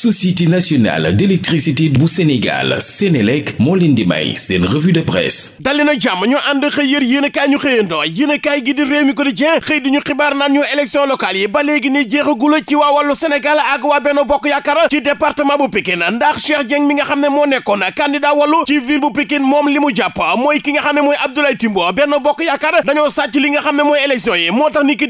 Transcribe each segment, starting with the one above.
société nationale d'électricité bu Sénégal Sénélec moo leen di may seen revue de presse dali jàmm ñu ànd xëy yër yéen a kaay ñu xëyandoo yéen a kaay gi di Rewmi xëy di ñu xibaar naan ñu élection locale yi ba léegi ni jeexagula ci waa wàllu Sénégal ak waa Benno Bokk Yaakaar ci département bu Pikine ndax Cheikh Dieng mi nga xam ne moo nekkoon candidat wàllu ci ville bu Pikine moom li mu jàpp mooy ki nga xam ne mooy Abdoulaye Timbo Benno xam ne mooy élection yi moo tax ni ki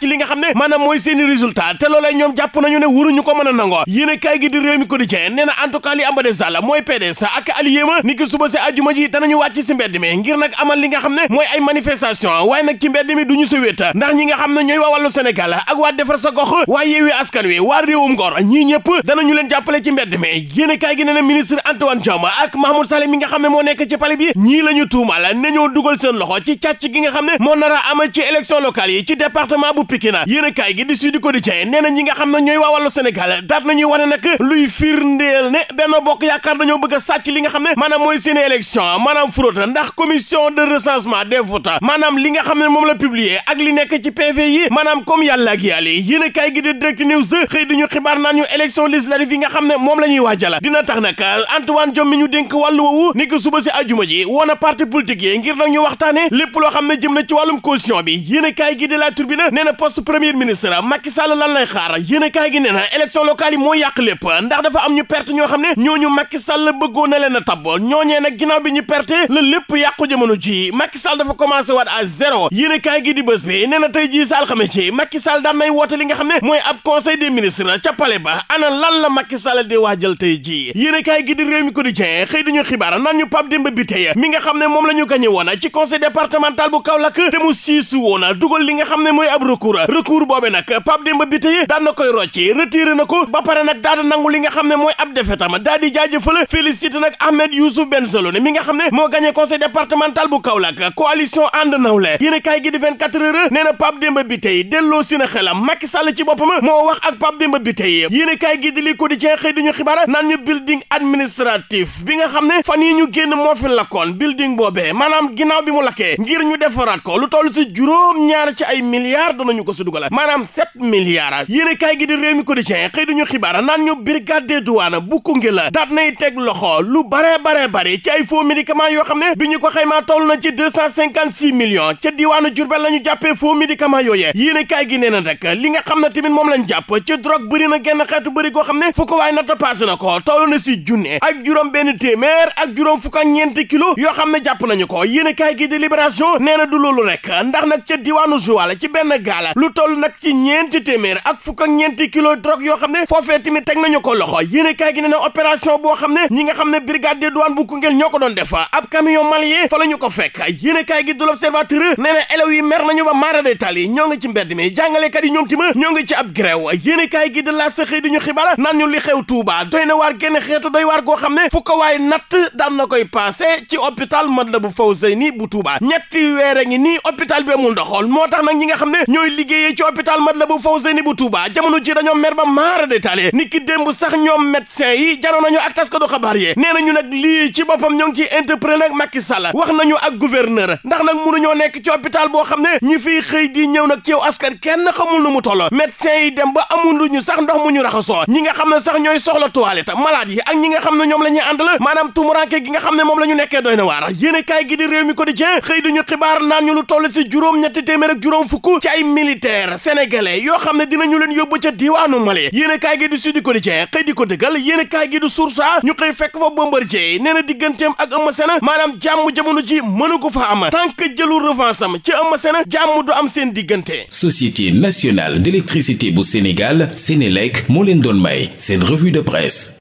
li nga xam maanaam mooy seeni résultat te loolee ñoom jàpp nañu ne wuruñu ko mën a nangoo yéen a kaay gi di réew mi quotidien nee na en tout cas li ambade sall mooy PDS ak aliyéema ni ki suba si àjjuma ji danañu wàcc si mbedd mi ngir nag amal li nga xam ne mooy ay manifestation waaye nag ci mbedd mi duñu sa wéet ndax ñi nga xam ne ñooy waa wàllu Sénégal ak waa defar sa gox yeewi askan wi waa réewum ngor ñii ñëpp danañu leen jàppale ci a kaay gi nee na ministre Antoine Diome ak Mahmoud ci pale bi ñii la gi nga xam a ama ci élection locale kaay nee na ñi nga xam ne ñooy waa wàllu Sénégal daat nañuy wane nag luy firndeel ne Benno Bokk Yaakaar dañoo bëgg a sàcc li nga xam ne maanaam mooy seen élection maanaam fraude ndax commission de recensement des votes maanaam li nga xam ne moom la publier ak nekk ci PV yi maanaam comme yàlla ak yàlla yéen a kaay gi di Direct News xëy di ñu xibaar naan ñu élection législative yi nga xam ne moom la ñuy waajal dina tax nag Antoine Diome mi ñu dénk wàllu woowu ni ko suba si ajuma ji woon a parti politique lépp loo xam ne jëm na ci ministre Macky Sall lan lay xaar yéene kaay gi nee na élection locale yàq lépp ndax dafa am ñu perte ñoo xam ne ñooñu Macky Sall bëggoon na leen a ñooñee nag ginnaaw bi ñu perte la lépp yàqu jamono ji Macky dafa commencé waat à zéro yéene kaay gi di bés bi nee na tey jii sa alxames ci Macky Sall daan nay woote li nga xam ne mooy ab conseil des ministres ca palais ba ana lan la Macky Sall waajal tey jii yéene kaay gi di réew mi quotidien xëy duñu xibaar naan ñu Pape Demba ñu gañe boobee nag Pape Demba Biteye daan na koy rocci retiré na ko ba pare nag daal di nangu li nga xam ne mooy ab defetam daal di jaajëfal félicité nag Ahmed Youssouf Bengelloune mi nga xam ne moo gagné conseil départemental bu Kaolack coalition ànd nawle yéen kaay gi di 24 heures nee na Pape Demba Biteye delloo si na xelam Macky Sall ci boppam moo wax ak Pape Demba Biteye yéen kaay gi di li quotidien duñu xibaar naan ñu building administratif bi nga xam maanaam sept milliards yéen a gi di réew mi quotidien xëy dañu xibaar naan ñu brigade des douanes bu Koungheul daat nay teg loxo lu bare bare bare ci ay faux médicaments yoo xam ne bi ñu ko xaymaa toll na ci deux cent cinquante six millions ca diwaanu Diourbel la jàppee faux médicaments yooyee yéen a kaay gi nee na rek li nga xam ne tamit moom lañ jàpp ci drogue bëri na genn xeetu bëri goo xam ne fu ko waaye natta passé na ko toll na si junne ak juróom benn téeméer ak juróom fukk yoo xam ne jàpp nañu ko yéen a kaay gi di libération nee na du loolu rek ndax nag ca diwaanu ci benn gaala ci ñeenti téeméer ak fukk ak ñeenti kilo drogue yoo xam ne foofee tamit teg nañu ko loxo yéene kaay gi nee na opération boo xam ne ñi nga xam ne ba maara détail yi ñoo ngi ci mbedd mi jàngalekat yi ñoom tima ñoo ngi ci ab a ñooy liggéeyee ci hôpital hôpital Matlaboul Fawzeyni bu Touba jamono ji dañoo mer ba maara sax ñoom médecin yi janoon nañu ak taskatu xabaar yi nee nañu nag lii ci boppam ñoo ngi ci interpellé nag Macky Sall wax nañu ak gouverneur ndax nag ñoo nekk ci hôpital boo xam ne ñi fiy xëy di ñëw nag ceew askan kenn xamul nu mu toll médecin yi dem ba amul ñu sax ndox mu ñu raxasoo ñi nga xam ne sax ñooy soxla toilette malade yi ak ñi nga xam ne ñoom la ñuy àndal maanaam tumuranke gi nga xam ne moom la ñu nekkee doy na waar yéene kaay gi di réew mi sénégalais yoo xam ne dinañu leen yóbbu ca diiwaanu Mali yéen a kaay gi du Sud Quotidien xëy di ko dëggal yéen a kaay gi du Source A ñu xëy fekk fa Bombardier nee na digganteem ak a Eumeu Sène maanaam jàmm jamono ji mënu ko fa am tant que jëlu revanche am ci Eumeu Sène jàmm du am seen diggante Société nationale d'électricité bu Sénégal Sénélec moo leen doon may seen revue de presse